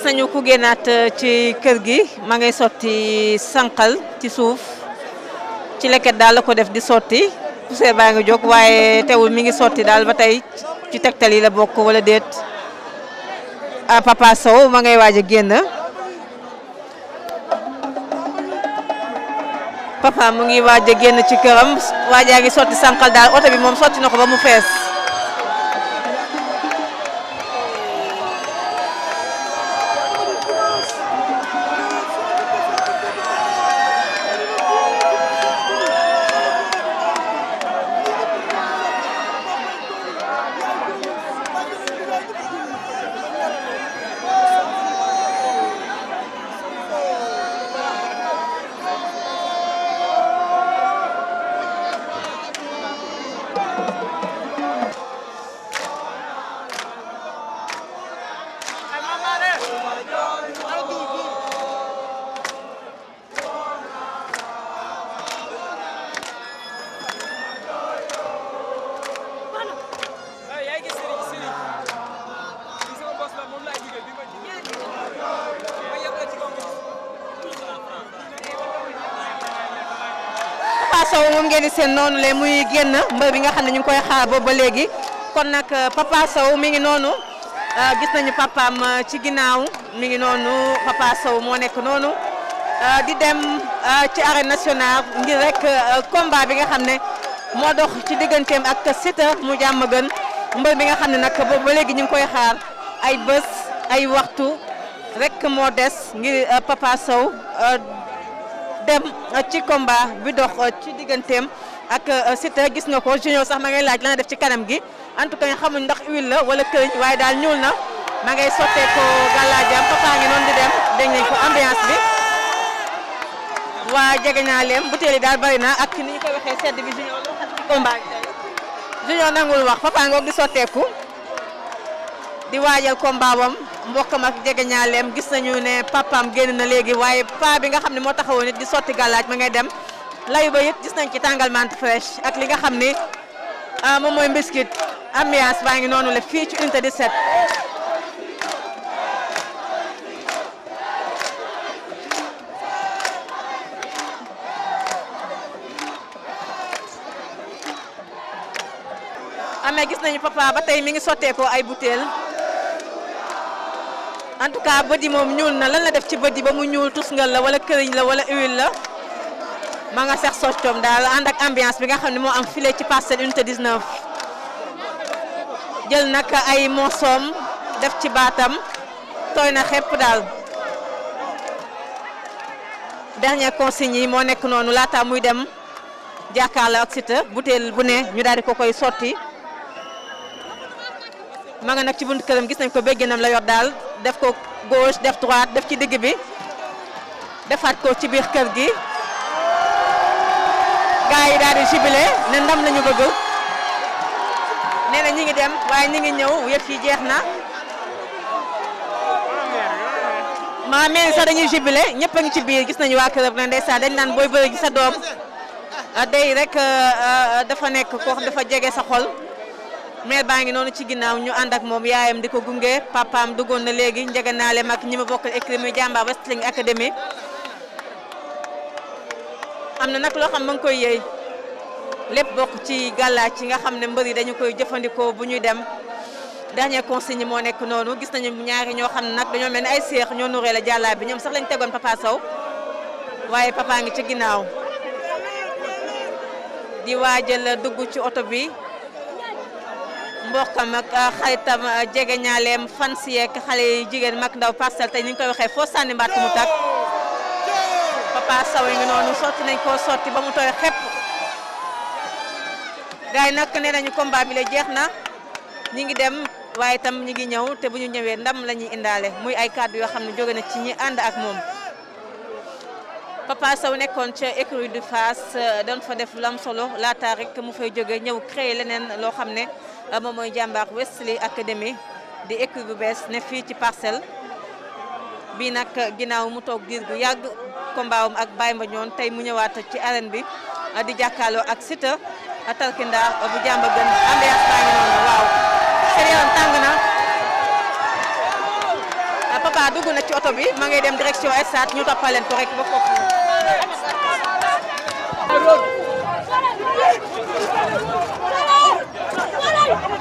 gis nañu ku génnaat euh, ci kër gi ma ngay sotti sanqal ci suuf ci leket daal la ko def di sotti poussière baa ngi jog waaye teewul mi ngi sotti daal ba tey ci tegtal yi la bokk wala déet a ah, Papa Sow ma ngay waaj a génn papa mu ngi waaj a génn ci këram waajaa ngi sotti sànqal daal oto bi moom sotti na ko ba mu fees Sow moom ngeen di seen noonu le muy génn mbër bi nga xam ne ñu ngi koy xaar boobu ba léegi kon nag euh, Papa Sow mi ngi noonu euh, gis nañu papaam euh, ci ginnaaw mi ngi noonu Papa Sow moo nekk noonu di dem ci arène nationale ngir rek combat bi nga xam ne moo dox ci digganteem ak Siteu mu jàmm gën mbër bi nga xam ne nag boobu ba léegi ñu ngi koy xaar ay bés ay waxtu rek moo des ngir Papa Sow dem euh, ci combat bi dox euh, ci digganteem ak euh, Siteu gis nga ko Junior sax ma ngay laaj lana def ci kanam gi en tout xamuñ ndax huile la wala këriñ waaye daal ñuul na ma ngay sottee ko gàllaajam ngi noonu di dem dégg ko ambiance bi waa jege naa leen butéel yi daal bari na ak ni ñu ko waxee sedd bi Junior la ci combat Junior nangul wax papa ngoog di sotteeku di waajal combat bam mbokkam ak jegeñaaleem gis nañu ne papaam génn na léegi waaye pa bi nga xam ne moo taxawoon it di sotti gàllaaj ma ngay dem layu ba it gis nañ ci tàngal menthe fraîche ak li nga xam ni ah, moom mooy mbiskit ambiance baa ngi noonu la fii ci unité 17. amee gis nañu papa ba tey mi ngi sotteekoo ay butéel. en tout cas bët yi moom ñuul na lan la def ci bët yi ba mu ñuul tusngal la wala këriñ la wala huile la ma nga seex soccoom daal ànd ak ambiance bi nga xam ne moo am file ci parcelle unité 19 jël nag ay mosoom def ci baatam tooy na xepp daal dernier consigne yi moo nekk noonu laata muy dem jàkkaarloo ak Siteu butéel bu ne ñu daal di ko koy sotti ma nga nag ci buntu këram gis nañ ko bégginam la yor daal def ko gauche def droite def ci digg bi defaat ko ci biir kër gi gaa yi daal di jubilé ne ndam la ñu bëgg nee na ñi ngi dem waaye ñu ngi ñëw yëf yi jeex na maa meen sax dañuy jubilé ñëpp a ngi ci biir gis nañu waa këram ne ndeysaan dañ naan booy bëri gi sa doom day rek euh, euh, dafa nekk koo dafa jege sa xol mais baa ngi noonu ci ginnaaw ñu ànd ak moom yaayam di ko gunge papaam duggoon na léegi njëganaale mag ñi ma bokkal écrit muy jàmbaar Wrestling Academy am na nag loo xam ma ngi koy yëy lépp bokk ci gàllaaj ci nga xam ne mbër yi dañu koy jëfandikoo bu ñuy dem dernier consigne moo nekk noonu gis nañu ñaari ñoo xam ne nag dañoo mel ni ay seex ñoo nuree la jàllaa bi ñoom sax lañ tegoon papa Sow waaye papa ngi ci ginnaaw di waajal dugg ci oto bi mbokkam ak ah, xaritam ah, jege ñaaleem fan si yeeg xale yi jigéen mag ndaw parcelle tey ñu ngi koy waxee foo sànni mbaat mu tàkk Papa Sow ngi noonu sotti nañ koo sotti ba mu tooy xepp gars yi nag nee nañu combat bi la jeex na ñi ngi dem waaye tam ñi ngi ñëw te bu ñu ñëwee ndam la ñuy indaale muy ay kàddu yoo xam ne jóge na ci ñi ànd ak moom Papa Sow nekkoon ca écurie de Fass euh, doon fa def lu solo laata rek mu fay jóge ñëw créer leneen loo xam ne moom mooy jàmbaar Wesley Academy di équipe bu bees ne fii ci parcelle bi nag ginnaaw mu toog diir bu yàgg ko kombaawam ak Baye Mbandione tey mu ñëwaat ci arène bi di jàkkaarloo ak Siteu Tarkinda bu jàmba gën ambiance baa ngi noonu waaw tàng na papa dugg na ci oto bi ma ngay dem direction stade ñu toppaleen ko rek ba foofu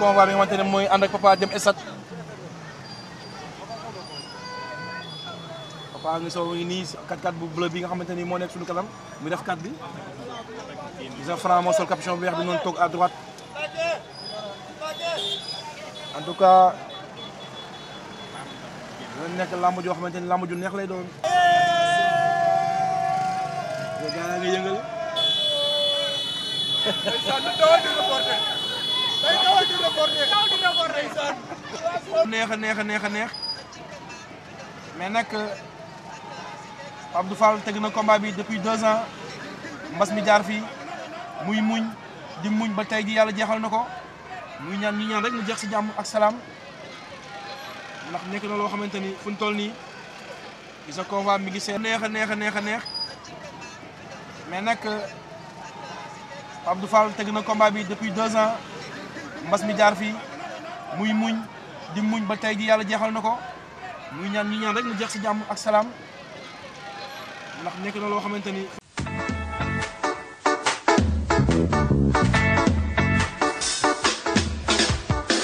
convoi bi nga xamante ne mooy ànd ak papa dem esat papa ngi soo ngi nii 4 bu bleu bi nga xamante ni moo nekk suñu kanam mu def 4 bi Isa Franc moo sol capuchon bu bi noonu toog à tout cas nekk làmb joo xamante ni làmb ju neex lay doon. neex a neex a neex a neex mais nag euh, Abdou Fall teg na combat bi depuis deux ans mbas mi jaar fii muy muñ di muñ ba tey gi yàlla jeexal na ko muy ñaan ñu ñaan rek mu jeex si jàmm ak salaam ndax nekk na loo xamante ni fu ñu toll nii gis na combat mi gisee neex a neex a neex a neex mais nag euh, Abdou Fall teg na combat bi depuis deux ans mbas mi jaar fii muy muñ di muñ ba tey ji yàlla jeexal na ko muy ñaan ñu ñaan rek mu jeex si jàmm ak salaam ndax nekk na loo xamante ni